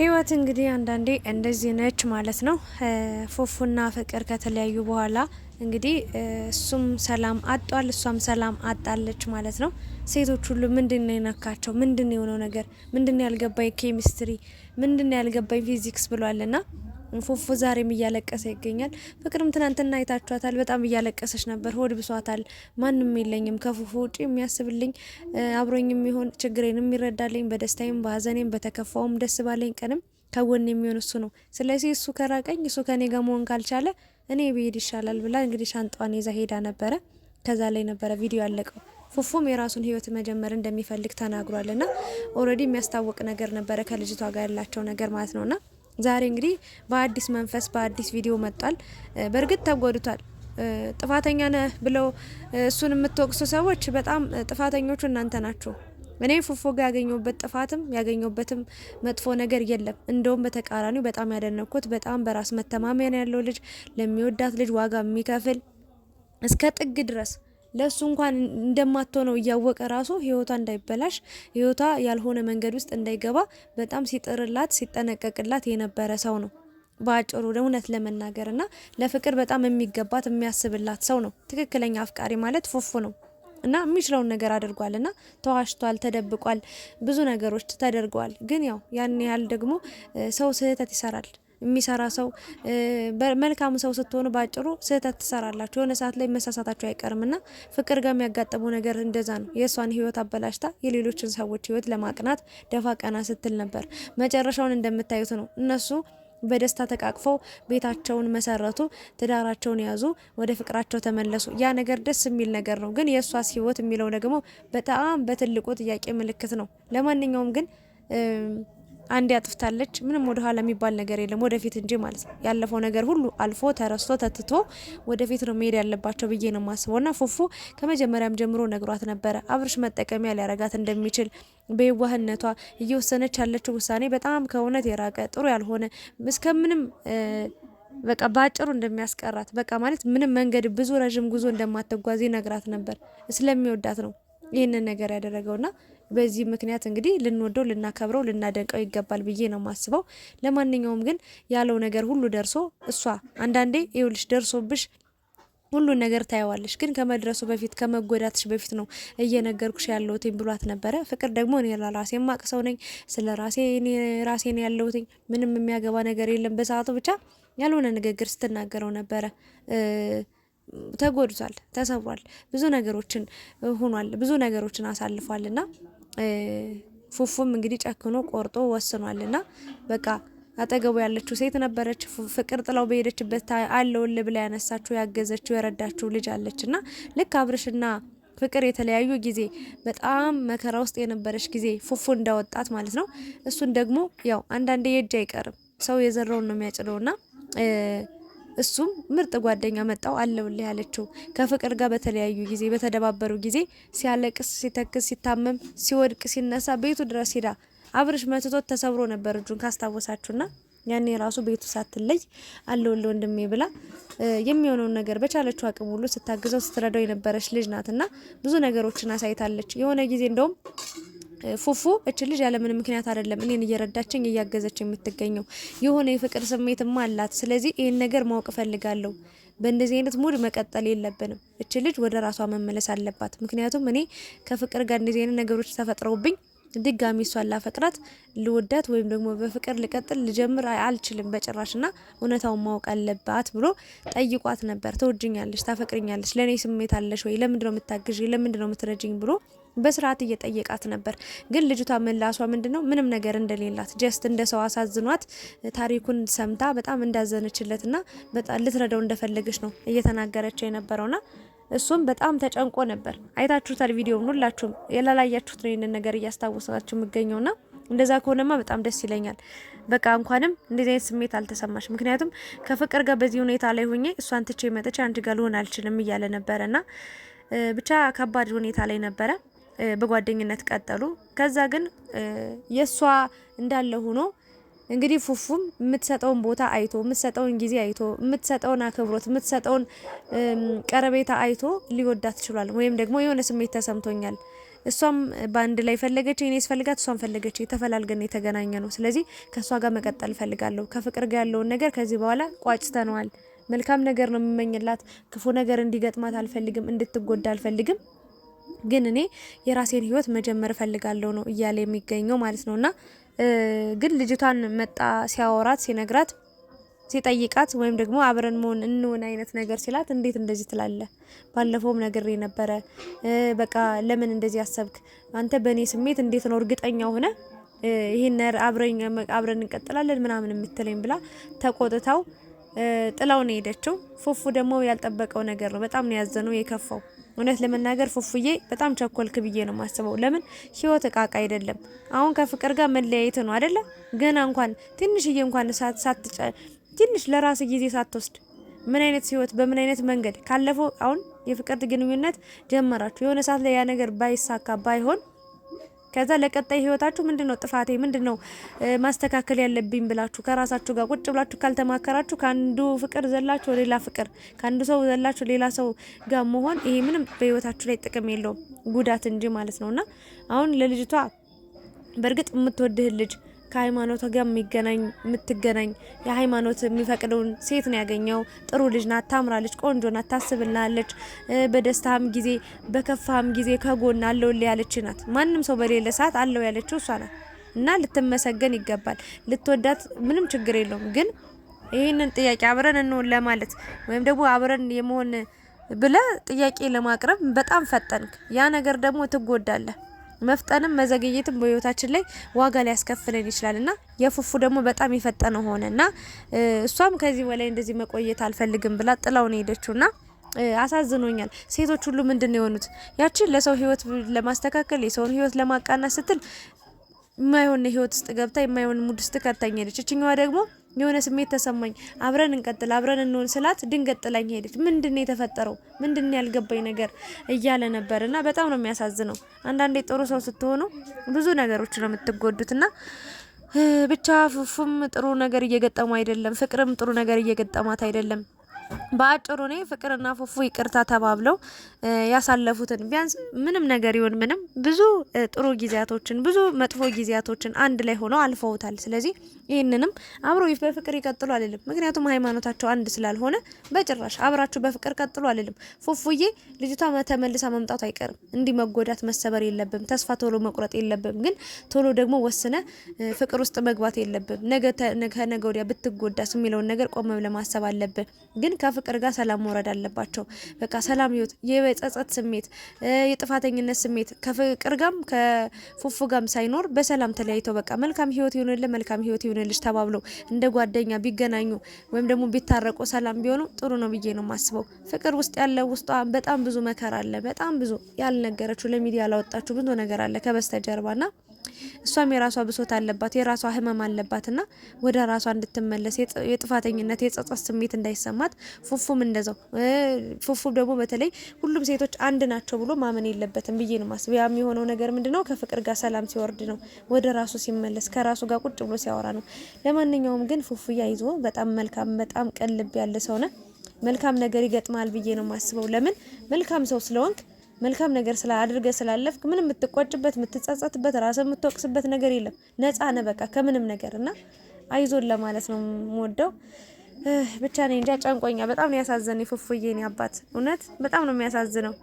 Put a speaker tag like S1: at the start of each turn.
S1: ህይወት እንግዲህ አንዳንዴ እንደዚህ ነች ማለት ነው። ፉፉና ፍቅር ከተለያዩ በኋላ እንግዲህ እሱም ሰላም አጧል፣ እሷም ሰላም አጣለች ማለት ነው። ሴቶች ሁሉ ምንድን ነው የነካቸው? ምንድን የሆነው ነገር? ምንድን ያልገባኝ ኬሚስትሪ፣ ምንድን ያልገባኝ ፊዚክስ ብሏልና ፉፉ ዛሬም እያለቀሰ ይገኛል። ፍቅርም ትናንትና አይታችኋታል፣ በጣም እያለቀሰች ነበር። ሆድ ብሷታል። ማንም የለኝም ከፉፉ ውጪ የሚያስብልኝ አብሮኝ የሚሆን ችግሬንም የሚረዳልኝ በደስታዬም በሀዘኔም በተከፋውም ደስ ባለኝ ቀንም ከጎን የሚሆን እሱ ነው። ስለዚህ እሱ ከራቀኝ እሱ ከኔ ጋር መሆን ካልቻለ እኔ ብሄድ ይሻላል ብላ እንግዲህ ሻንጣዋን ይዛ ሄዳ ነበረ። ከዛ ላይ ነበረ ቪዲዮ ያለቀው። ፉፉም የራሱን ህይወት መጀመር እንደሚፈልግ ተናግሯልና ኦልሬዲ የሚያስታውቅ ነገር ነበረ ከልጅቷ ጋር ያላቸው ነገር ማለት ነውና ዛሬ እንግዲህ በአዲስ መንፈስ በአዲስ ቪዲዮ መጥቷል። በእርግጥ ተጎድቷል። ጥፋተኛ ነህ ብለው እሱን የምትወቅሱ ሰዎች በጣም ጥፋተኞቹ እናንተ ናችሁ። እኔ ፉፉ ጋር ያገኘሁበት ጥፋትም ያገኘሁበትም መጥፎ ነገር የለም። እንደውም በተቃራኒው በጣም ያደነኩት በጣም በራስ መተማመን ያለው ልጅ፣ ለሚወዳት ልጅ ዋጋ የሚከፍል እስከ ጥግ ድረስ ለእሱ እንኳን እንደማትሆነው እያወቀ ራሱ ህይወቷ እንዳይበላሽ ህይወቷ ያልሆነ መንገድ ውስጥ እንዳይገባ በጣም ሲጥርላት ሲጠነቀቅላት የነበረ ሰው ነው። በአጭሩ እውነት ለመናገር እና ለፍቅር በጣም የሚገባት የሚያስብላት ሰው ነው። ትክክለኛ አፍቃሪ ማለት ፉፉ ነው እና የሚችለውን ነገር አድርጓል እና ተዋሽቷል፣ ተደብቋል፣ ብዙ ነገሮች ተደርገዋል። ግን ያው ያን ያህል ደግሞ ሰው ስህተት ይሰራል። የሚሰራ ሰው መልካም ሰው ስትሆኑ ባጭሩ ስህተት ትሰራላችሁ። የሆነ ሰዓት ላይ መሳሳታችሁ አይቀርም እና ፍቅር ጋር የሚያጋጥመው ነገር እንደዛ ነው። የእሷን ህይወት አበላሽታ የሌሎችን ሰዎች ህይወት ለማቅናት ደፋ ቀና ስትል ነበር። መጨረሻውን እንደምታዩት ነው። እነሱ በደስታ ተቃቅፈው ቤታቸውን መሰረቱ፣ ትዳራቸውን ያዙ፣ ወደ ፍቅራቸው ተመለሱ። ያ ነገር ደስ የሚል ነገር ነው። ግን የእሷስ ህይወት የሚለው ደግሞ በጣም በትልቁ ጥያቄ ምልክት ነው። ለማንኛውም ግን አንድ ያጥፍታለች። ምንም ወደኋላ የሚባል ነገር የለም ወደፊት እንጂ ማለት ነው። ያለፈው ነገር ሁሉ አልፎ ተረስቶ ተትቶ ወደፊት ነው መሄድ ያለባቸው ብዬ ነው ማስበው። ና ፉፉ ከመጀመሪያም ጀምሮ ነግሯት ነበረ አብርሽ መጠቀሚያ ሊያረጋት እንደሚችል በየዋህነቷ እየወሰነች ያለችው ውሳኔ በጣም ከእውነት የራቀ ጥሩ ያልሆነ እስከምንም በቃ በአጭሩ እንደሚያስቀራት በቃ ማለት ምንም መንገድ ብዙ ረዥም ጉዞ እንደማትጓዝ ይነግራት ነበር። ስለሚወዳት ነው ይህንን ነገር ያደረገውና በዚህ ምክንያት እንግዲህ ልንወደው ልናከብረው ልናደንቀው ይገባል ብዬ ነው ማስበው። ለማንኛውም ግን ያለው ነገር ሁሉ ደርሶ እሷ አንዳንዴ ይኸውልሽ ደርሶብሽ ሁሉን ነገር ታየዋለሽ፣ ግን ከመድረሱ በፊት ከመጎዳትሽ በፊት ነው እየነገርኩሽ ያለሁትኝ ብሏት ነበረ። ፍቅር ደግሞ እኔ ለራሴ ማቅ ሰው ነኝ፣ ስለ ራሴ እኔ ራሴ ነው ያለሁትኝ፣ ምንም የሚያገባ ነገር የለም። በሰዓቱ ብቻ ያልሆነ ንግግር ስትናገረው ነበረ። ተጎድቷል፣ ተሰብሯል፣ ብዙ ነገሮችን ሆኗል፣ ብዙ ነገሮችን አሳልፏልና ፉፉም እንግዲህ ጨክኖ ቆርጦ ወስኗል እና በቃ አጠገቡ ያለችው ሴት ነበረች። ፍቅር ጥላው በሄደችበት አለውል ብላ ያነሳችው፣ ያገዘችው፣ የረዳችው ልጅ አለች ልክ አብርሽና ፍቅር የተለያዩ ጊዜ በጣም መከራ ውስጥ የነበረች ጊዜ ፉፉ እንዳወጣት ማለት ነው። እሱን ደግሞ ያው አንዳንዴ የእጅ አይቀርም ሰው የዘራውን ነው የሚያጭደውና እሱም ምርጥ ጓደኛ መጣው አለውልህ ያለችው ከፍቅር ጋር በተለያዩ ጊዜ በተደባበሩ ጊዜ ሲያለቅስ፣ ሲተክስ፣ ሲታመም፣ ሲወድቅ፣ ሲነሳ ቤቱ ድረስ ሄዳ አብርሽ መትቶት ተሰብሮ ነበር እጁን ካስታወሳችሁና ያኔ ራሱ ቤቱ ሳትለይ አለውልህ ወንድሜ ብላ የሚሆነውን ነገር በቻለችው አቅም ሁሉ ስታግዘው ስትረዳው የነበረች ልጅ ናትና ብዙ ነገሮችን አሳይታለች። የሆነ ጊዜ እንደውም ፉፉ እች ልጅ ያለምንም ምክንያት አይደለም እኔን እየረዳችኝ እያገዘች የምትገኘው የሆነ የፍቅር ስሜትም አላት። ስለዚህ ይህን ነገር ማወቅ እፈልጋለሁ። በእንደዚህ አይነት ሙድ መቀጠል የለብንም። እች ልጅ ወደ ራሷ መመለስ አለባት። ምክንያቱም እኔ ከፍቅር ጋር እንደዚህ አይነት ነገሮች ተፈጥረውብኝ ድጋሚ እሷን ላፈቅራት ልወዳት ወይም ደግሞ በፍቅር ልቀጥል ልጀምር አልችልም በጭራሽ ና እውነታውን ማወቅ አለባት ብሎ ጠይቋት ነበር። ትወጅኛለች፣ ታፈቅርኛለች፣ ለእኔ ስሜት አለሽ ወይ? ለምንድነው የምታግዥ? ለምንድነው የምትረጅኝ? ብሎ በስርዓት እየጠየቃት ነበር። ግን ልጅቷ ምላሷ ምንድን ነው? ምንም ነገር እንደሌላት ጀስት እንደ ሰው አሳዝኗት ታሪኩን ሰምታ በጣም እንዳዘነችለትና በጣም ልትረዳው እንደፈለገች ነው እየተናገረች የነበረውና እሱም በጣም ተጨንቆ ነበር። አይታችሁታል ቪዲዮውን ሁላችሁም። የላላያችሁት ነው ይህንን ነገር እያስታወሳችሁ ና እንደዛ ከሆነማ በጣም ደስ ይለኛል። በቃ እንኳንም እንደዚህ አይነት ስሜት አልተሰማሽ። ምክንያቱም ከፍቅር ጋር በዚህ ሁኔታ ላይ ሆኜ እሷን ትቼ መጥቼ አንቺ ጋር ልሆን አልችልም እያለ ነበረና ብቻ ከባድ ሁኔታ ላይ ነበረ። በጓደኝነት ቀጠሉ። ከዛ ግን የእሷ እንዳለ ሆኖ እንግዲህ ፉፉም የምትሰጠውን ቦታ አይቶ የምትሰጠውን ጊዜ አይቶ የምትሰጠውን አክብሮት የምትሰጠውን ቀረቤታ አይቶ ሊወዳት ችሏል። ወይም ደግሞ የሆነ ስሜት ተሰምቶኛል እሷም በአንድ ላይ ፈለገች፣ እኔ ስፈልጋት እሷም ፈለገች። የተፈላልገን የተገናኘ ነው። ስለዚህ ከእሷ ጋር መቀጠል ፈልጋለሁ። ከፍቅር ጋር ያለውን ነገር ከዚህ በኋላ ቋጭተነዋል። መልካም ነገር ነው የምመኝላት። ክፉ ነገር እንዲገጥማት አልፈልግም። እንድትጎዳ አልፈልግም። ግን እኔ የራሴን ህይወት መጀመር እፈልጋለሁ ነው እያለ የሚገኘው ማለት እና ግን ልጅቷን መጣ ሲያወራት ሲነግራት ሲጠይቃት ወይም ደግሞ አብረን መሆን እንሆን አይነት ነገር ሲላት እንዴት እንደዚህ ትላለ? ባለፈውም ነገር ነበረ። በቃ ለምን እንደዚህ አሰብክ? አንተ በእኔ ስሜት እንዴት ነው እርግጠኛ ሆነ ይህን አብረን እንቀጥላለን ምናምን የምትለኝ ብላ ተቆጥታው ጥላው ነው የሄደችው። ፉፉ ደግሞ ያልጠበቀው ነገር ነው። በጣም ነው ያዘነው የከፋው። እውነት ለመናገር ፉፉዬ በጣም ቸኮልክ ብዬ ነው ማስበው። ለምን ህይወት እቃቃ አይደለም። አሁን ከፍቅር ጋር መለያየት ነው አይደለ? ገና እንኳን ትንሽዬ እንኳን ሳትጨ ትንሽ ለራስ ጊዜ ሳትወስድ ምን አይነት ህይወት በምን አይነት መንገድ ካለፈው አሁን የፍቅር ግንኙነት ጀመራችሁ የሆነ ሰዓት ላይ ያ ነገር ባይሳካ ባይሆን ከዛ ለቀጣይ ህይወታችሁ ምንድነው ጥፋቴ ምንድነው ማስተካከል ያለብኝ ብላችሁ ከራሳችሁ ጋር ቁጭ ብላችሁ ካልተማከራችሁ ከአንዱ ፍቅር ዘላችሁ ሌላ ፍቅር፣ ከአንዱ ሰው ዘላችሁ ሌላ ሰው ጋር መሆን ይሄ ምንም በህይወታችሁ ላይ ጥቅም የለውም ጉዳት እንጂ ማለት ነውና አሁን ለልጅቷ በእርግጥ የምትወድህ ልጅ ከሃይማኖት ጋር የሚገናኝ የምትገናኝ የሃይማኖት የሚፈቅደውን ሴት ነው ያገኘው። ጥሩ ልጅ ናት፣ ታምራለች፣ ቆንጆ ናት፣ ታስብልናለች። በደስታም ጊዜ በከፋም ጊዜ ከጎን አለው ያለች ናት። ማንም ሰው በሌለ ሰዓት አለው ያለችው እሷ ናት እና ልትመሰገን ይገባል። ልትወዳት ምንም ችግር የለውም። ግን ይህንን ጥያቄ አብረን እንሆን ለማለት ወይም ደግሞ አብረን የመሆን ብለ ጥያቄ ለማቅረብ በጣም ፈጠንክ። ያ ነገር ደግሞ ትጎዳለህ። መፍጠንም መዘግየትም በህይወታችን ላይ ዋጋ ሊያስከፍለን ይችላል እና የፉፉ ደግሞ በጣም የፈጠነ ሆነ እና እሷም ከዚህ በላይ እንደዚህ መቆየት አልፈልግም ብላ ጥላውን ሄደችው ና አሳዝኖኛል። ሴቶች ሁሉ ምንድን ነው የሆኑት? ያችን ለሰው ህይወት ለማስተካከል የሰውን ህይወት ለማቃናት ስትል የማይሆን ህይወት ውስጥ ገብታ የማይሆን ሙድ ውስጥ ከተኛ ሄደች። እችኛዋ ደግሞ የሆነ ስሜት ተሰማኝ። አብረን እንቀጥል፣ አብረን እንሆን ስላት ድንገት ጥላኝ ሄደች። ምንድን የተፈጠረው? ምንድን ያልገባኝ ነገር እያለ ነበር እና በጣም ነው የሚያሳዝነው። አንዳንዴ ጥሩ ሰው ስትሆኑ ብዙ ነገሮች ነው የምትጎዱትና ብቻ ፉፉም ጥሩ ነገር እየገጠሙ አይደለም፣ ፍቅርም ጥሩ ነገር እየገጠማት አይደለም። በአጭሩ እኔ ፍቅርና ፉፉ ይቅርታ ተባብለው ያሳለፉትን ቢያንስ ምንም ነገር ይሁን ምንም ብዙ ጥሩ ጊዜያቶችን ብዙ መጥፎ ጊዜያቶችን አንድ ላይ ሆነው አልፈውታል። ስለዚህ ይህንንም አብሮ በፍቅር ይቀጥሉ አልልም፣ ምክንያቱም ሃይማኖታቸው አንድ ስላልሆነ በጭራሽ አብራችሁ በፍቅር ቀጥሉ አልልም። ፉፉዬ ልጅቷ ተመልሳ መምጣቱ አይቀርም። እንዲህ መጎዳት መሰበር የለብም፣ ተስፋ ቶሎ መቁረጥ የለብም። ግን ቶሎ ደግሞ ወስነ ፍቅር ውስጥ መግባት የለብም። ነገ ነገ ወዲያ ብትጎዳስ የሚለውን ነገር ቆመም ለማሰብ አለብን ግን ከፍቅር ጋር ሰላም መውረድ አለባቸው። በቃ ሰላም ይወት የጸጸት ስሜት፣ የጥፋተኝነት ስሜት ከፍቅር ጋም ከፉፉ ጋም ሳይኖር በሰላም ተለያይተው በቃ መልካም ህይወት ይሁንልህ፣ መልካም ህይወት ይሁንልሽ ተባብለው እንደ ጓደኛ ቢገናኙ ወይም ደግሞ ቢታረቁ ሰላም ቢሆኑ ጥሩ ነው ብዬ ነው የማስበው። ፍቅር ውስጥ ያለ ውስጧ በጣም ብዙ መከራ አለ። በጣም ብዙ ያልነገረችው ለሚዲያ ያላወጣችው ብዙ ነገር አለ ከበስተጀርባ ና እሷም የራሷ ብሶት አለባት፣ የራሷ ህመም አለባት ና ወደ ራሷ እንድትመለስ የጥፋተኝነት የጸጸት ስሜት እንዳይሰማት ፉፉም እንደዛው። ፉፉ ደግሞ በተለይ ሁሉም ሴቶች አንድ ናቸው ብሎ ማመን የለበትም ብዬ ነው ማስብ። ያም የሆነው ነገር ምንድነው? ከፍቅር ጋር ሰላም ሲወርድ ነው፣ ወደ ራሱ ሲመለስ፣ ከራሱ ጋር ቁጭ ብሎ ሲያወራ ነው። ለማንኛውም ግን ፉፉ ይዞ በጣም መልካም በጣም ቀልብ ያለ ሰው ነ መልካም ነገር ይገጥማል ብዬ ነው ማስበው። ለምን መልካም ሰው ስለሆንክ መልካም ነገር ስላድርገ ስላለፍክ ምን የምትቆጭበት የምትጸጸትበት ራስ የምትወቅስበት ነገር የለም። ነፃ ነ በቃ ከምንም ነገር እና አይዞን ለማለት ነው የምወደው። ብቻ እኔ እንጃ ጨንቆኛ። በጣም ነው ያሳዘነኝ ፉፉዬ፣ አባት እውነት በጣም ነው የሚያሳዝነው።